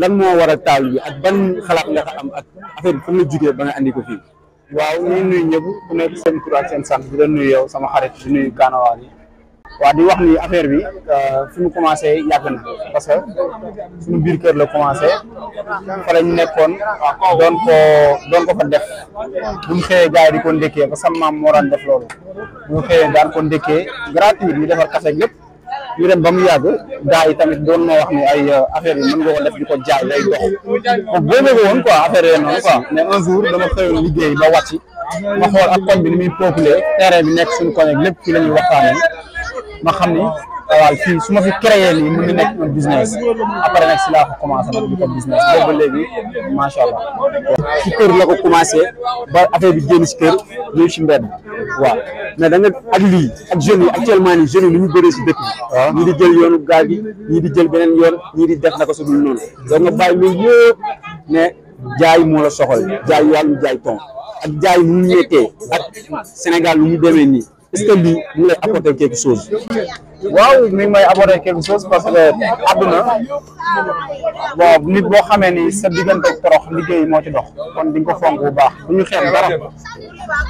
lan moo war a taal bi ak ban xalaat nga am ak affaire bi fan la jugee ba nga andi ko fii. waaw ñu nuyu ñëpp ku nekk seen tur seen sant bi la nuyu yow sama xarit di nuyu Kanawa yi waaw di wax ni affaire bi euh, fi mu commencé yàgg na parce que suñu biir kër la commencé fa lañ nekkoon doon ko doon bu ñu xëyee gars yi di ko ndékkee ba sama maam moo daan def loolu bu ñu xëyee daan ko ndékkee gratuit ñu defar café lépp. ñu dem ba mu yàgg gars yi tamit doon ma wax ni ay euh, affaire yi mën nga ko def di ko jaay day dox donc boobu woon ko affaire yooyu noonu quoi mais un jour dama xëyoon liggéey ba wàcc ma xool ak koñ bi ni muy populé terrain bi nekk suñu koñ ak lépp ci la ñuy waxtaanee ma xam ni waaw fii su ma fi créé lii mën na nekk un business après nag si laa ko commencé nag di ba léegi macha allah. kër la ko commencé ba affaire bi génn si kër waaw mais da ak lii ak jeunes yi actuellement nii jeunes yi ñu bëree si dëkk ah. ñii di jël yoonu gaal gi ñii di jël beneen yoon ñii di def naka su dul noonu. donc nga bàyyi loolu yëpp ne jaay moo la soxal jaay wàllu jaay ton ak jaay nu mu méttee ak Sénégal lu ñu demee nii. est mu lay apporter quelque chose. waaw mi ngi may apporter quelque chose parce que àdduna bon nit boo xamee ni sa diggante torox liggéey moo ci dox kon di ko fonk bu baax bu ñu xeeb dara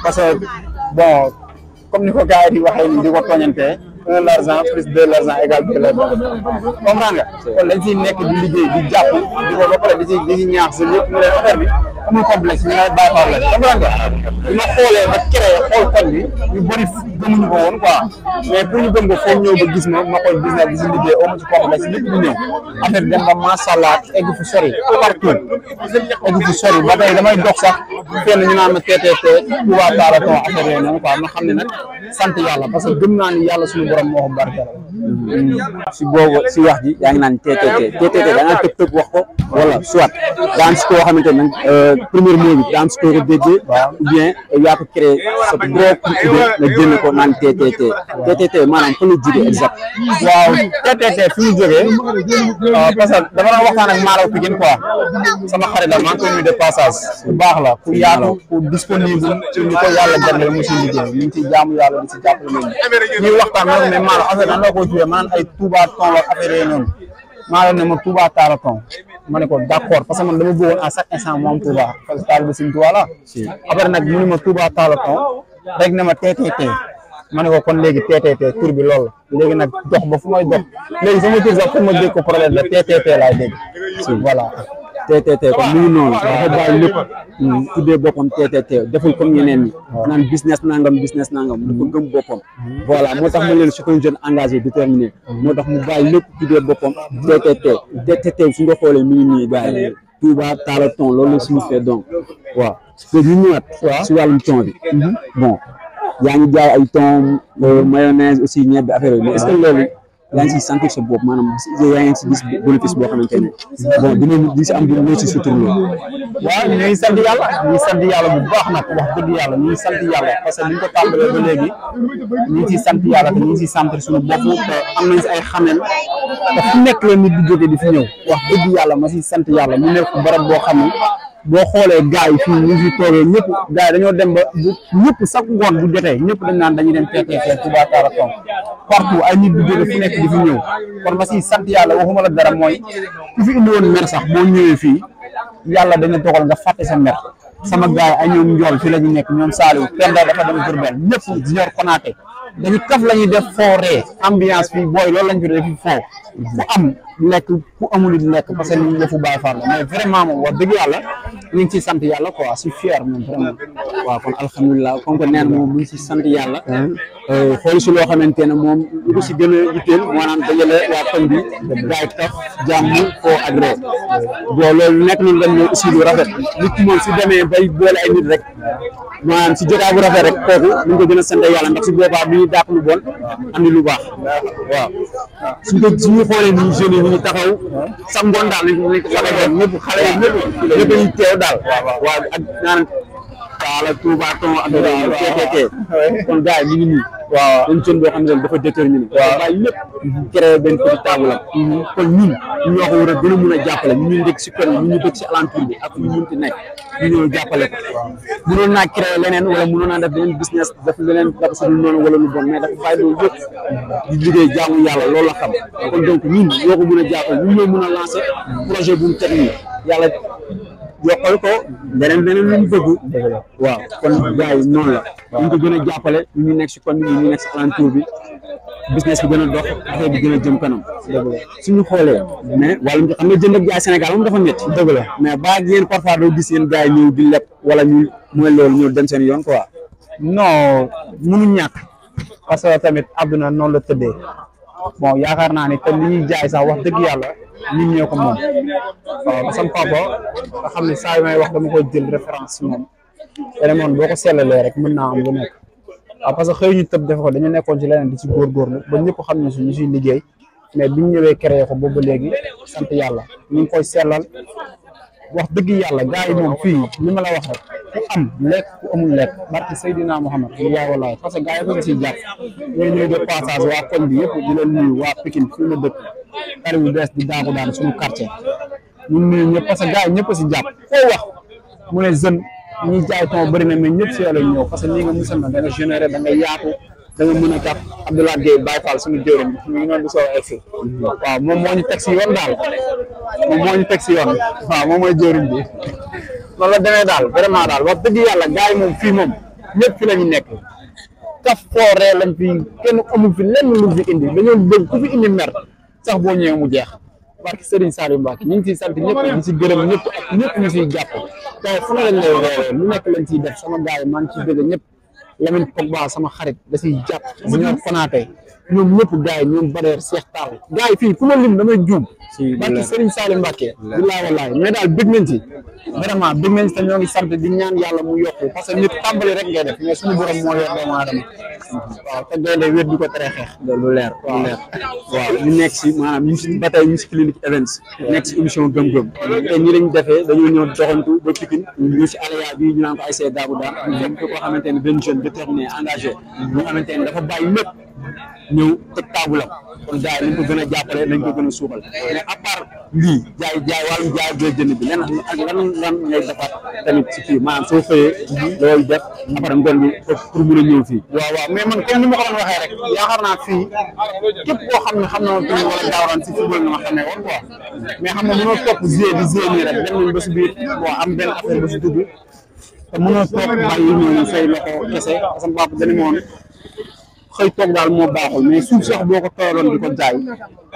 parce que bon comme ni ko gars yi di waxee ni di ko tooñantee. di ma xoolee ba créé xool kon bi ñu bëri gëmuñu ko woon quoi mais pour ñu gëm ko foog ñëw ba gis ma ma xool business bi si liggéey amu ci complexe lépp di ñëw affaire dem ba masàllaa egg fu sori partout egg fu sori ba tey damay dox sax fenn ñu naan ma a Touba Taraton affaire yooyu noonu quoi ma xam ne nag sant yàlla parce que yàlla suñu borom moo ko barkeelal si boobu si wax ji yaa ngi naan TTT TTT da ngaa tëb tëb wax ko wala soit daan si koo xamante ne euh, premier mot bi daan si koo ko déggee ou bien yaa ko créé sa propre idée nga génne ko naan TTT TTT maanaam fa la jógee exact waaw TTT fi mu jógee parce que dama doon waxtaan ak Malaw Pikine quoi sama xarit la maa ngi koy de passage bu baax la ku yaatu ku disponible ci ñu ko yàlla jagleel mu si liggéey ñu ngi ciy jaamu yàlla di si jàppale ñuy waxtaan ko mais maalo affaire nan la ko tuddee ma naan ay Touba ton ak affaire yooyu noonu maalo ne ma Touba Talla ton ma ne ko d'accord parce que man dama bëggoon à chaque instant moom Touba parce que taal bi suñu Touba la après nag mu ne ma Touba Talla ton rek ne ma TTT ma ne ko kon léegi TTT tur bi lool la léegi nag dox ba fu may dox léegi sama tur sax pour ma dégg ko problème la TTT laay dégg voilà TTT comme mu non noonu bay lepp lépp tuddee boppam TTT deful comme ñeneen ñi naan business nangam business nangam dafa gëm boppam hmm. voilà motax mo ma leen c'est jeune engagé déterminé hmm. moo tax mu bàyyi lépp tuddee boppam TTT TTT su nga xolé mi ngi nii Touba Talla Ton loolu la fait donc waaw te ñu ñëwaat si wàllum ton bi hmm. bon yaa ngi jaay ay ton euh, mayonnaise aussi ñebe affaire yooyu mais est-ce que ah. loolu yaa ngi si sentir sa bopp maanaam yaa ngi si gis bénéfice boo xamante ne bon dina di si am di si suturlu waaw ñu ngi sant yàlla bu baax nag wax dëgg yàlla ñu ngi sant parce que li ñu ko tàmbalee sant yàlla te ngi siy sant suñu bopp te am si ay xamel te fu nekk la nit di jóge di fi ñëw wax dëgg yàlla ma si sant yàlla mu nekk barab boo xam ne boo xoolee gars yi fii ñu fi toogee ñëpp gars dañoo dem ba bu ñëpp ngoon bu jotee ñëpp dañ naan dañuy dem TTC Touba Taraton partout ay nit bu jóge fu nekk di fi ñëw kon ma si sant yàlla waxuma la dara mooy ku fi indi woon mer sax boo ñëwee fii yàlla dana dogal nga fàtte sa mer sama gars yi ay ñoom njool fi la ñu nekk ñoom Saliou Penda dafa dem Diourbel ñëpp junior Konaté dañu kaf la ñuy def fooree ambiance bi booy loolu lañ fi def foo bu am nekk ku amul it nekk parce que ñu yëfu Baay Faal la mais vraiment moom wax dëgg yàlla ñu ngi ciy sant yàlla quoi si fier moom vraiment waaw kon alhamdulilah comme que neen moom mu ngi si sant yàlla euh, xool si loo xamante ne moom lu ko si gën a yitteel maanaam dajale waa koñ bi gaay tax jàmm foo agré bo loolu nekk nañ dañ ñëw aussi lu rafet nit ki moom si demee bay boole ay nit rek maanaam si jotaay bu rafet rek kooku ñu ko gën a sant yàlla ndax si boobaa bu ñuy dàq lu bon andi lu baax waaw suñ ko suñu xoolee ni jeunes yi ñu taxaw sax ngoon daal nañ ko taxaw ñëpp xale yi ñëpp ñëpp ñu teew daal waaw ak naan Kaala Touba Tom ak KKK kon gars yi ñu ngi nii waaw dañ seen boo xam ne dafa déterminé waaw waaye lépp créé benn petit table am kon ñun ñoo ko war a gën a mun a jàppale ñu ñu dëkk si kon ñu ñu dëkk si alentour bi ak ñu munti nekk ñu ñëw jàppale ko mënoon naa créé leneen wala mënoon naa def beneen business def leneen daf si lu noonu wala lu bon mais dafa bàyyi loolu yëpp di liggéey jaamu yàlla loolu la xam kon donc ñun ñoo ko mun a jàppale ñun ñoo mun a lancé projet bu mu teg nii yàlla yokkal ko beneen beneen lu mu bëgg waaw kon gars yi noonu la ñu ko gën a jàppale ñu ñu nekk si commune bi ñu nekk si alentour bi business bi gën a dox affaire bi gën a jëm kanam suñu xoolee mais wàllum xam nga jënd ak jaay Sénégal moom dafa métti dëgg la mais ba yéen parfois doo gis yéen gars yi ñëw bi leb wala ñu mu loolu ñëw dem seen yoon quoi non munu ñàkk parce que tamit na noonu la tëddee bon yaakaar naa ni te li ñuy jaay sax wax dëgg yàlla ñun ñoo ko moom waaw ba sama papa nga xam ne saa yu may wax dama koy jël référence si moom vraiment boo ko sellalee rek mën naa am lu nekk waaw parce que xëy ñu tëb def ko dañu nekkoon ci leneen di ci góorgóorlu ba ñëpp xam ne suñu suy liggéey mais biñ ñëwee créé ko boobu léegi sant yàlla ñu ngi koy sellal wax dëgg yàlla gars yi moom fii li ma la wax rek ku am lekk ku amul lekk barke Seydina Mohamed wallaay wallaay parce que gars yi dañ siy jàpp ñooy ñëw de passage waa koñ bi yëpp di leen nuyu waa Pikine fii la dëkk. xar yu bees di daaku daan suñu quartier ñun ñëpp ñëpp parce yi ñëpp si jàpp foo wax mu ne jeune ñi jaay ton bëri na mais ñëpp si yàlla ñëw parce que nii nga musal na da nga généré da a tax Abdoulaye Gueye suñu jëwriñ ñu ngi noonu di soo egsi moom moo ñu teg si yoon daal moom moo ñu teg si yoon waa moom mooy jëwriñ bi loolu la demee daal vraiment daal wax dëgg yàlla gars yi moom fii moom ñëpp fi la ñu nekk kaf fooree lañ fi kenn amul fi lenn lu fi indi dañoo bëgg ku fi indi mer sax boo ñëwee mu jeex barke Serigne Saliou Mbacke ñu ngi ciy sant ñëpp di si gërëm ñëpp ak ñëpp ñu ciy jàpp tey fu ne lañ lay lu nekk lañ ciy def sama gars yi maa ngi ciy bëgg ñëpp Lamine Pogba sama xarit da ciy jàpp ñoo fanaatee ñoom ñëpp gars ñoom Bader Cheikh Tall gars fii ku ma lim damay juum. si barki Serigne Salim Mbacké. bilaay walaay mais daal bëgg nañ ci. vraiment bëgg nañ te ñoo ngi sant di ñaan yàlla mu yokku parce que nit tàmbali rek ngay def mais suñu borom moo yor doomu aadama. waaw te gaynde wér di ko tere xeex. lu leer lu leer. waaw ñu nekk si maanaam ñu ngi si ba tey ñu ngi si clinique events. nekk si émission gëm-gëm. te ñi lañ defee dañoo ñëw doxantu ba Pikine. ñu si Alaya bi ñu naan ko ay see daabu daal. ñu ko xamante ne benn jeune ñëw teg taagulam kon gars yi nañ ko gën a jàppale nañ ko gën a suuxal mais à part lii jaay jaay wàllum jaay bee jënd bi lan ak lan lan ngay defaat tamit ci fii maanaam soo xëyee loolu def après ngoon bi pour mun a ñëw fii waaw waaw mais man comme ni ma ko doon waxee rek yaakaar naa fii képp koo xam ne xam na ma fii wala daawaraan si football na ma xamee woon quoi mais xam nga mënoo topp g di g nii rek dem nañ ba si biir boo am benn affaire ba si dugg te mënoo topp bàyyi ñooñu say loxo kese parce que papa dani moon xëy toog daal moo baaxul mais suuf sax boo ko tooyoon jaay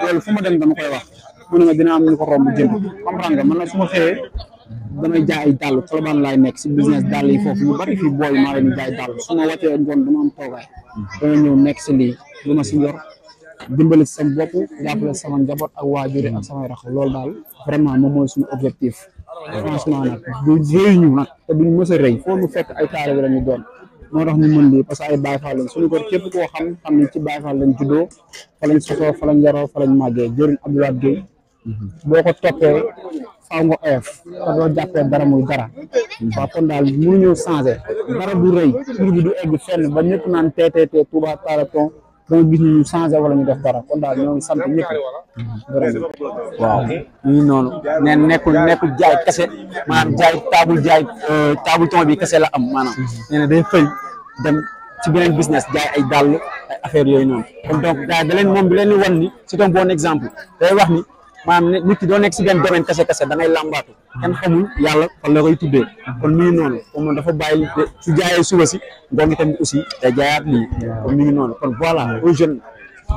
loolu fu dem dama koy wax mu ne dina am lu romb jënd comprendre nga man nag su ma damay jaay ay dàll Colobane laay nekk si business dàll yi foofu ñu bari fii booy maa leen jaay dàll su ma watee dama am toogaay dama ñëw nekk si lii lu ma yor dimbali sama sama ak ak rax vraiment suñu objectif franchement du ñu te fekk ay ñu doon moo tax ñu mën lii parce ay Baay Faal lañ suñu ko képp koo xam xam ne ci Baay Faal lañ juddoo fa lañ sosoo fa lañ yaroo fa lañ màggee jëriñ Abdoulaye boo ko toppee faaw nga oyof te doo jàppee dara muy dara waaw kon daal mënuñu changé dara du rëy tur du egg fenn ba ñëpp naan teeteetee Touba Taraton dama gis ñu changé wala ñu def dara kon daal ñoo ngi sant ñëpp vraiment waaw ñu noonu ne nekkul nekkul jaay kese maanaam jaay taabul jaay euh, taabul ton bi kese la am maanaam mhm. nee na day dem ci beneen business jaay ay dàll ay affaire yooyu noonu kon donc da leen moom bi leen di ni c'est un bon exemple day wax ni maanaam nit ki doo nekk si da ngay làmbaatu kenn xamul yàlla fan la koy tuddee kon mi ngi noonu comme dafa bàyyi su jaayee suba si ngoon gi tamit aussi day jaayaat lii kon mi ngi noonu kon voilà un jeune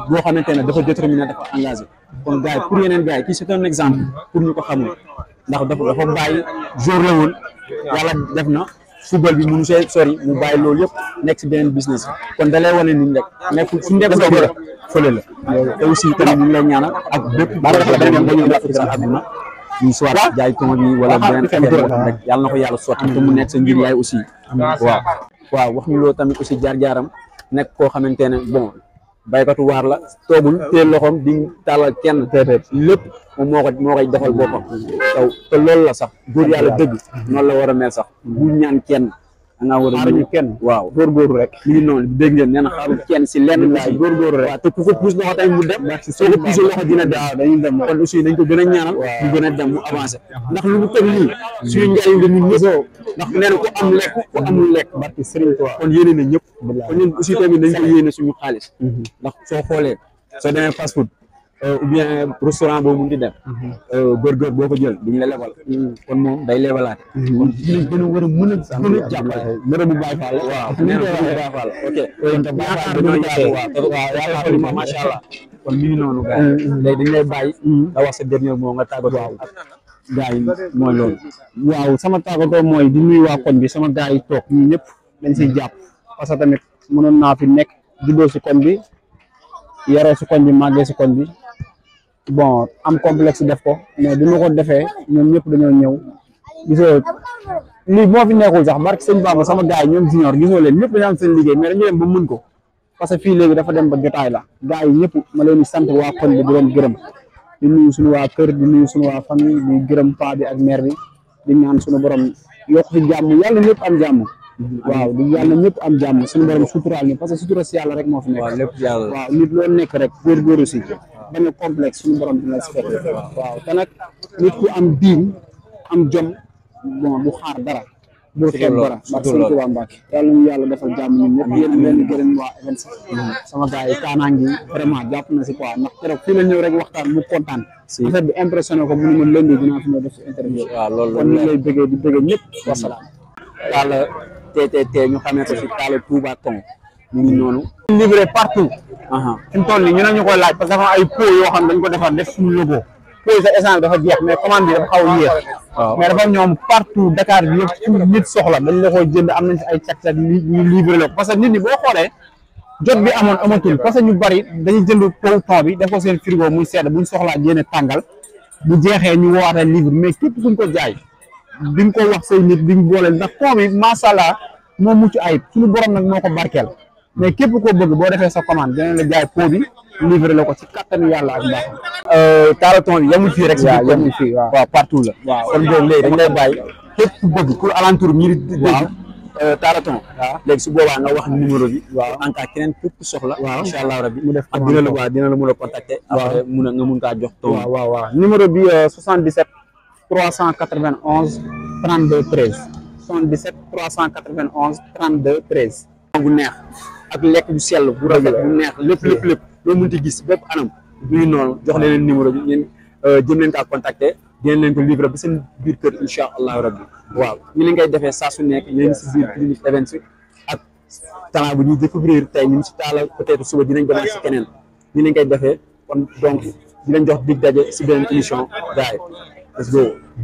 boo ne dafa déterminé dafa engagé kon gars yi pour yeneen gars yi kii c'est un exemple pour ñu ko xamul ndax dafa dafa bàyyi jour la woon yàlla def na football bi mënu see sori mu bàyyi loolu yëpp nekk si beneen business kon da lay wane ni rek nekkul suñu nekk fële la te aussi tamit ñu ngi lay ñaanal ak bépp barke beneen ba ñu def ci sa àdduna ñu soit jaay tool yi wala beneen affaire rek yàlla na ko yàlla sotti te mu nekk sa njur yaay aussi waaw waaw wax ñu loo tamit aussi jaar-jaaram nekk koo xamante ne bon baykatu waar la toogul teel loxoom di tàllal kenn lépp moom moo ko moo koy defal boppam taw te loolu la sax góor yàlla dëgg noonu la war a mel sax bu ñaan kenn dangaa war a xaaruñu kenn waaw góorgóorlu rek mi ngi noonu dégg ngeen nee na xaaruñu kenn si lenn si góorgóorlu rek waaw te ku ko pousse loxo tamit mu dem soo ko pousse loxo dina dem waaw dem kon aussi dañ ko gën a a dem mu avancé ndax la ñun ñëpp ndax nee na ku am lekk kon yéene na ñëpp kon ñun aussi tamit dañ ko yéene suñu xaalis mhm. ndax soo xoolee soo demee fast food Eh, ou bien eh, restaurant boobu mun di dem mhm. bërgër eh, boo ko jël duñ la level mhm. kon moom day lebalaate mhm. kon ci lañ gën a war a mën a gën a jàppale mërëmu Baye Fall waaw mërëmu Baye Fall ok yaakaar dañoo yaatu waaw waaw yàlla xol ma macha allah kon mi ngi noonu gars léegi dañ lay bàyyi nga wax sa dernier mot nga tàggatoo waaw gars yi mooy waaw sama tàggatoo mooy di nuyu waa koñ bi sama gars yi toog ñun ñëpp dañ siy jàpp parce que tamit mënoon naa fi nekk juddoo si koñ bi yaroo si koñ bi màggee si koñ bi bon am complexe def ko mais bi ma ko defee ñoom ñëpp dañoo ñew gisoo li mo fi nekkul sax barke sëñ baba sama gaay ñom junior gisoo leen ñep dañu am seen liggéey mais dañu leen bu mën ko parce que fi légui dafa dem ba jotaay la gaay ñep ma leen di sant waa bi di leen gërem di nuyu suñu wa kër di nuyu suñu wa famille di gërem pa bi ak mère bi di ñaan suñu borom yokk fi jamm yalla ñep am jamm waaw di yalla ñep am jamm suñu borom sutural ni parce que sutural si yalla rek mo fi nekk waaw nit lo nekk rek gor gor si benn complexe suñu borom dina si fekk waaw te nag nit ku am diin am jom bon bu xaar dara bul xeeb dara ndax suñu Tuubaa Mbàkke yàlla ñu yàlla defal jàmm ñun ñëpp yéen leen gërëm waa mm-hmm. sama gars yi kaanaa ngi vraiment jàpp na si quoi ndax te fii la ñëw rek waxtaan mu kontaan affaire bi impressionné ko mënu ma lënd dinaa fi def si interview kon ñu lay bëggee di bëggee ñëpp mm-hmm. wasalaam taala TTT ñu xamee ko si taala Touba Congo ñu ngi noonu. livré partout. fi mu toll nii ñu ne ñu laaj parce que dafa yoo xam dañ ko defar def suñu dafa jeex mais commande bi dafa xaw a yéex. mais dafa ñoom partout Dakar nit soxla dañ la jënd am nañ si ay càq-càq ñu ñu livré parce que nit ñi boo xoolee. jot bi amoon amatul parce que ñu bari dañuy jënd pow temps bi def ko seen frigo muy sedd buñ soxlaa génne tàngal bu jeexee ñu woowaatee livre mais képp kuñ ko jaay di nga ko wax say nit di nga boole ndax koom yi macha allah moo mucc ayib suñu borom nag moo ko barkeel. mais képp ko bëgg boo defee sa commande dinañ la jaay pot bi livré la ko ci kattanu yàlla ak baax euh, Carlton bi yamul fii rek. waaw yamul fii waaw waaw partout la. waaw kon boobu léegi dañ lay bàyyi képp ku bëgg pour alentour euh, léegi su boobaa nga wax numéro bi waaw en cas soxla waaw incha allah mu def ak dina la waaw dina la mën a contacter mun a nga mun kaa jox taw waaw waaw numéro bi 77 391 32 13 77 391 32 13 bu neex ak lekk bu sell bu rafet bu neex lépp lépp lépp loo mënti gis bépp anam ñu ngi noonu jox leen numéro bi ngeen euh, jëm leen kaa contacter dinañ leen ko livrer ba seen biir kër incha allahu rabbi waaw ñu leen koy defee saa su nekk yéen si biir clinique events ak talent bu ñuy découvrir tey ñu si taala peut être suba dinañ demaat si keneen ñu leen koy defee kon donc di jox dig daje si beneen émission gars yi let's